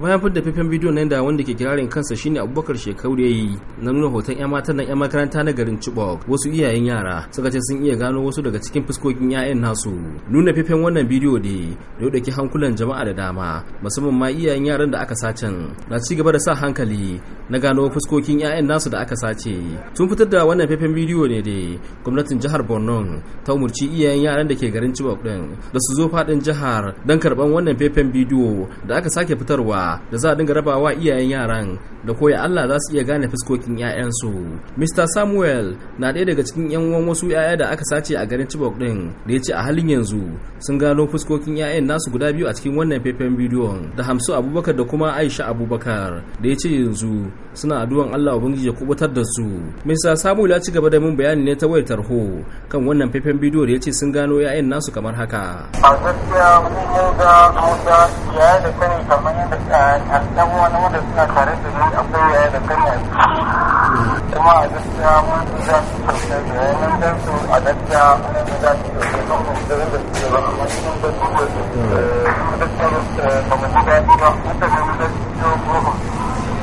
bayan fidda faifan bidiyo nan da wanda ke kirarin kansa shine abubakar shekaru ya yi na nuna hoton yan matan nan yan makaranta na garin chibok wasu iyayen yara suka ce sun iya gano wasu daga cikin fuskokin yayan nasu nuna faifan wannan bidiyo ne da ya dauki hankulan jama'a da dama musamman ma iyayen yaran da aka sacen na ci gaba da sa hankali na gano fuskokin 'ya'yan nasu da aka sace sun fitar da wannan faifan bidiyo ne da gwamnatin jihar borno ta umarci iyayen yaran da ke garin chibok din da su zo fadin jihar don karban wannan faifan bidiyo da aka sake fitarwa da za a dinga rabawa iyayen yaran da koya allah za su iya gane fuskokin 'ya'yansu mr samuel na ɗaya daga cikin 'yan uwan wasu 'ya'ya da aka sace a garin chibok din da ya ce a halin yanzu sun gano fuskokin 'ya'yan nasu guda biyu a cikin wannan faifan bidiyon da hamsu abubakar da kuma aisha abubakar da ya ce yanzu suna addu'an Allah ubangiji ya kubutar da su Mr Samuel ya ci gaba da mun bayani ne ta wayar tarho kan wannan faifan bidiyo da yace sun gano yayan nasu kamar haka a gaskiya mun yau da da kani kamar yadda a wani wanda suna tare da ni akwai da kuma a gaskiya mun da sosai da su a gaskiya mun da su da su eh,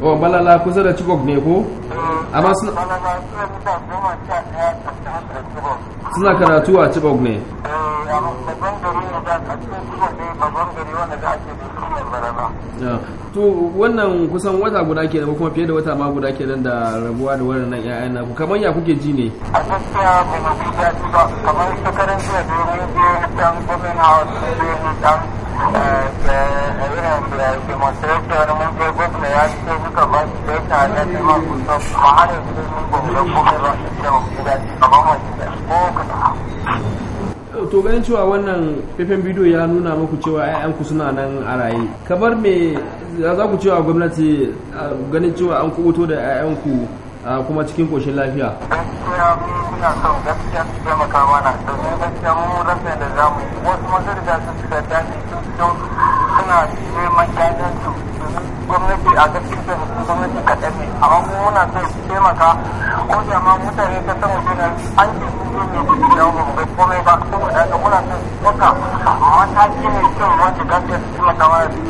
o oh, malala kusa da chibok ne ko eh, amma suna suna karatu a chibok ne eh, to wannan kusan wata guda ke ko kuma fiye da wata ma guda ke da rabuwa da wannan ƴaƴan naku kamar ya kuke ji ne a gaskiya ba mu ba kamar da eh, mun je dan gwamnati ne dan da irin da ke masu to ganin cewa wannan faifan bidiyo ya nuna muku cewa 'ya'yanku suna nan a raye kamar me za ku cewa gwamnati ganin cewa an kubuto da 'ya'yanku kuma cikin koshin lafiya gaskiya muna son gaskiya su taimaka mana domin gaskiya mun rasa da mu wasu masu riga sun shiga daji sun suna neman 'ya'yansu a gaskiya da mutum gwamnati kaɗan ne amma kuma muna son su taimaka ko da ma mutane ta san wajen an ce sun zo ne kuɗi da ba mu komai ba saboda haka muna son su ɗauka mataki mai kyau wanda za su taimaka wa su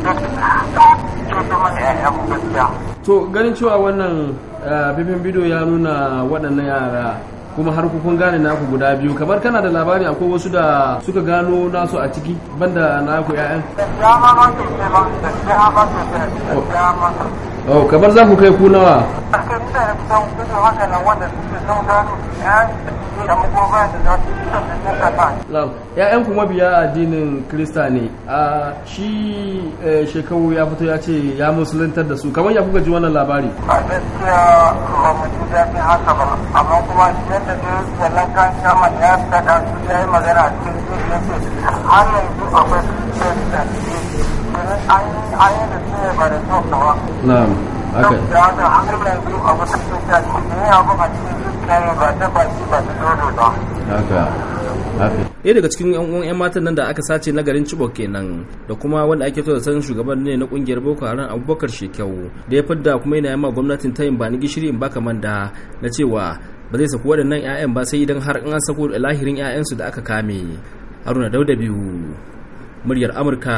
ceto mana ƴaƴan gaskiya. to ganin cewa wannan eh, bibin bidiyo ya nuna waɗannan yara kuma har kun gane naku guda biyu kamar kana da labari akwai wasu da suka gano nasu a ciki banda naku 'ya'yan oh kamar za ku kai ku nawa ya'yan kuma biya addinin krista ne a shi eh, shekaru ya fito ya ce ya musuluntar da su kamar ya kuka ji wannan labari a gaskiya ba mu ji haka ba amma kuma yadda zai tsallan kan shaman ya fita su ya yi magana cikin jirgin har yanzu akwai krista a daga cikin yan uwan 'yan matan nan da aka sace na garin Chibok kenan da kuma wanda ake to da san shugaban ne na kungiyar Boko Haram Abubakar Shekau da ya fadda kuma yana yamma gwamnatin tayin ba ni gishiri in baka manda na cewa ba zai saku waɗannan 'ya'yan ba sai idan har an sako lahirin 'ya'yansu da aka kame Haruna Dauda biyu muryar Amurka